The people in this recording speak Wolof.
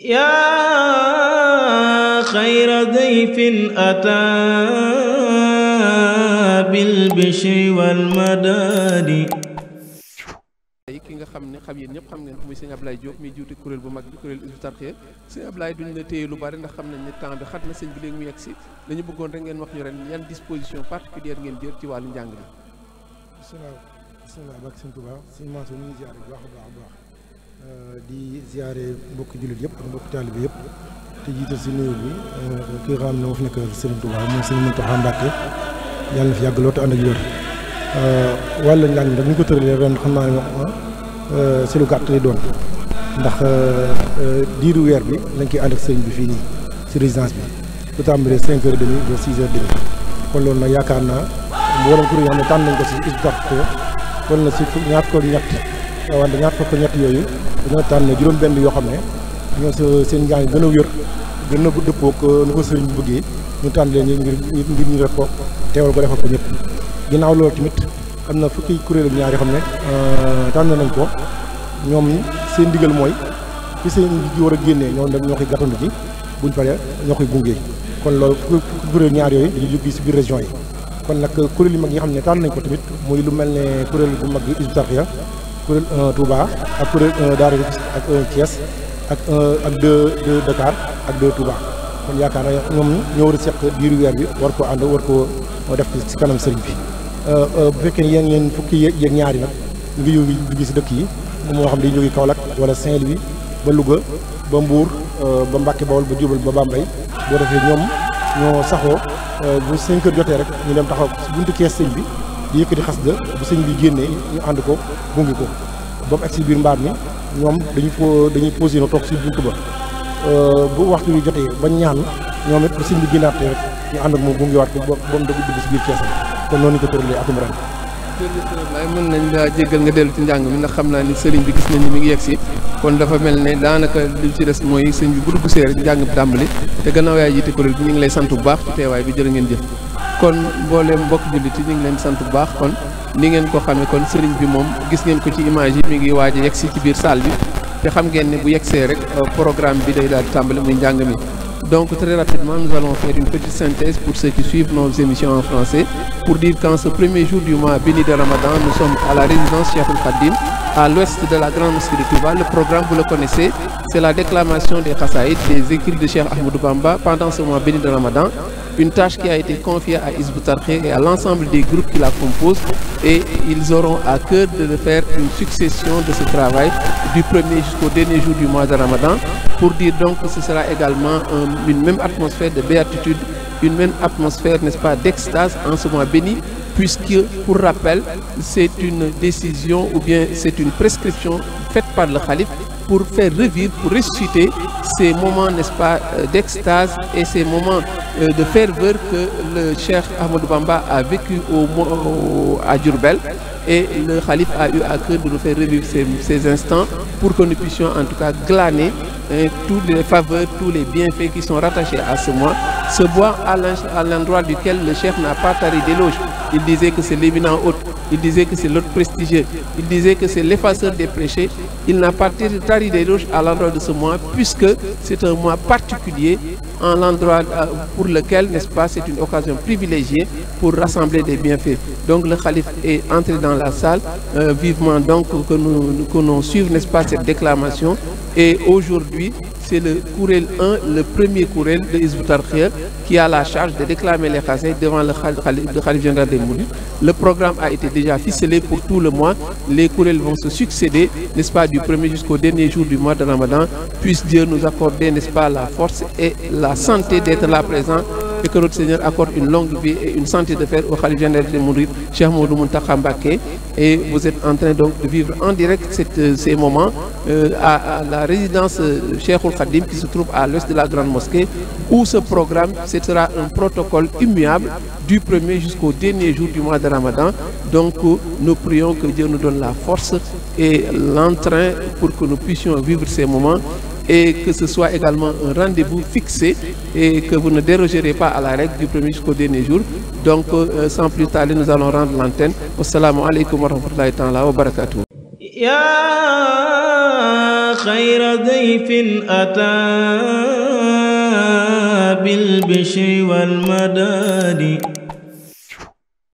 yaa xayra dayfin ataa bil bishri wal madadi ki nga xam ne xam yéen xam ngeen ko muy sëñ Ablaye Diop miy jiwte kuréel bu mag bi kuréel Hizbut-Tarqiyyah sëñ Ablaye duñ la téye lu bari ndax xam nañ ne temps bi xat na sëñ bi léegi mu yegg si dañu bëggoon rek ngeen wax ñu ren bi bisimilah bisimilah bak sëñ Tuubaa sëñ Mansour ñu ngi ziar bu baax a baax a baax euh, ziare mbokki jullit yëpp ak mbokki taalibe yëpp te jiital si nuyu bi euh, ki nga xam ne moo fi nekkal Serigne Touba moom Serigne Mountakha Mbacké yàlla na fi yàgg euh, ñu ko tëralee ren xam naa ne si euh, lu ndax diiru weer bi lañ koy ànd ak bi fii nii si résidence bi lu tàmbalee cinq heures et demie ba six heures et demie nag yaakaar na mboolem kuréel yoo xam ne tànn nañ ko si ISRA ko wala si ñaar ko ñett. wante ñaar fukk ñett yooyu dañoo tànn juróom benn yoo xam ne ñoo sa seen yi gën a wér gën a dëppoo ko nu ko sëriñ bi bëggee ñu tànn leen ngir ngir ñu def ko ko defal ko ñëpp ginnaaw loolu tamit am na fukki kuréel ak ñaar yoo xam ne euh, tànn nañ ko ñoom seen digal mooy fi seen ji war a génnee ñoom dem ñoo koy gàttandu ji buñ paree ñoo koy gunge kon loolu fukki kuréel ñaar yooyu dañuy jóg si biir région yi kon nag kuréel yu mag yi xam ne tànn nañ ko tamit muy lu mel ne kuréel bu mag bi Hizbut Tarqiyyah kuréel 1 euh, ak kuréel 1 euh, Daara ak 1 euh, Thiès ak 1 ak 2 2 Dakar ak 2 Touba kon yaakaar naa ñoo war a seq diiru weer bi war koo ànd war koo moo def ci kanam sëriñ bi bu fekkee ne yéen ngeen fukki yeeg ñaari nag ñu ngi yóbbu dugg si dëkk yi moo xam dañu jógee Kaolack wala Saint-Louis ba Louga ba Mbour ba Mbacke Bawol ba jubal ba Bambey boo defee ñoom ñoo saxoo bu 5 heures jotee rek ñu dem taxaw buntu kees sëñ bi. di yëkkati xasida bu sëñ bi génnee ñu ànd ko bungi ko ba ak egg si biir mbaar mi ñoom dañu po dañuy posé na toog si buntu ba euh, bu waxtu bi jotee bañ ñaan ñoom it bu sëñ bi génnaatee rek ñu ànd ak moom bungiwaat ko ba ba mu dugg si biir Cees kon noonu ñu ko mën nañ laa jéggal nga dellu ci njàng mi ndax xam naa ni sëriñ bi gis nañ ni mi ngi yegg si kon dafa mel ne daanaka li ci des mooy sëñ bi bu dugg see rek njàng bi tàmbali te gannaaw yaay jiite kuréel bi ñu lay sant bu baax ci teewaay bi jërë ngeen jëf kon mbooleem mbokk jullit yi ñu ngi leen sant bu baax kon ni ngeen ko xamee kon sëriñ bi moom gis ngeen ko ci image yi mi ngi waaj a yegg si ci biir salle bi te xam ngeen ne bu yegsee rek euh, programme bi day daal di tàmbali muy njàng mi donc très rapidement nous allons faire une petite synthèse pour ceux qui suivent nos émissions en français pour dire qu'en ce premier jour du mois béni de Ramadan nous sommes à la résidence Cheikhoul Khadim à l'ouest de la grande une tâche qui a été confiée à Hizbut Tarqiyyah et à l'ensemble des groupes qui la composent et ils auront à cœur de le faire une succession de ce travail du premier jusqu'au dernier jour du mois de Ramadan pour dire donc que ce sera également un, une même atmosphère de béatitude, une même atmosphère, n'est-ce pas, d'extase en ce mois béni puisque, pour rappel, c'est une décision ou bien c'est une prescription faite par le calife pour faire revivre, pour ressusciter ces moments, n'est-ce pas, euh, d'extase et ces moments euh, de ferveur que le cheikh Ahmadou Bamba a vécu à Djurbel. Et le calife a eu à cœur de nous faire revivre ces, instants pour que nous puissions en tout cas glaner hein, toutes les faveurs, tous les bienfaits qui sont rattachés à ce mois. Ce bois à l'endroit duquel le chef n'a pas taré d'éloge. Il disait que c'est l'éminent hôte il disait que c'est l'autre prestigieux, il disait que c'est l'effaceur des il n'a pas tari des roches à l'endroit de ce mois puisque c'est un mois particulier en l'endroit euh, pour lequel, n'est-ce pas, c'est une occasion privilégiée pour rassembler des bienfaits. Donc le calife est entré dans la salle, euh, vivement donc que nous, que nous n'est-ce pas, cette déclamation. Et aujourd'hui, c'est le Kourel 1, le premier Kourel de Isboutar qui a la charge de déclamer les Khazins devant le Khalif General des Mourides. Le programme a été déjà ficelé pour tout le mois. Les Kourels vont se succéder, n'est-ce pas, du premier jusqu'au dernier jour du mois de Ramadan. la santé d'être là présent et que notre Seigneur accorde une longue vie et une santé de fer au Khalif général des Mourides, Cheikh Moudou Mountakha Mbaké. Et vous êtes en train donc de vivre en direct cette, euh, ces moments euh, à, à, la résidence euh, Cheikh Khadim qui se trouve à l'ouest de la Grande Mosquée où ce programme, ce un protocole immuable du premier jusqu'au dernier jour du mois de Ramadan. Donc euh, nous prions que Dieu nous donne la force et l'entrain pour que nous puissions et que ce soit également un rendez-vous fixé et que vous ne dérogerez pas à la règle du premier jusqu'au dernier jour. Donc, euh, sans plus tarder, nous allons rendre l'antenne. Assalamu alaikum wa rahmatullahi ta'ala wa barakatuh. يا خير ضيف أتى بالبشر والمداد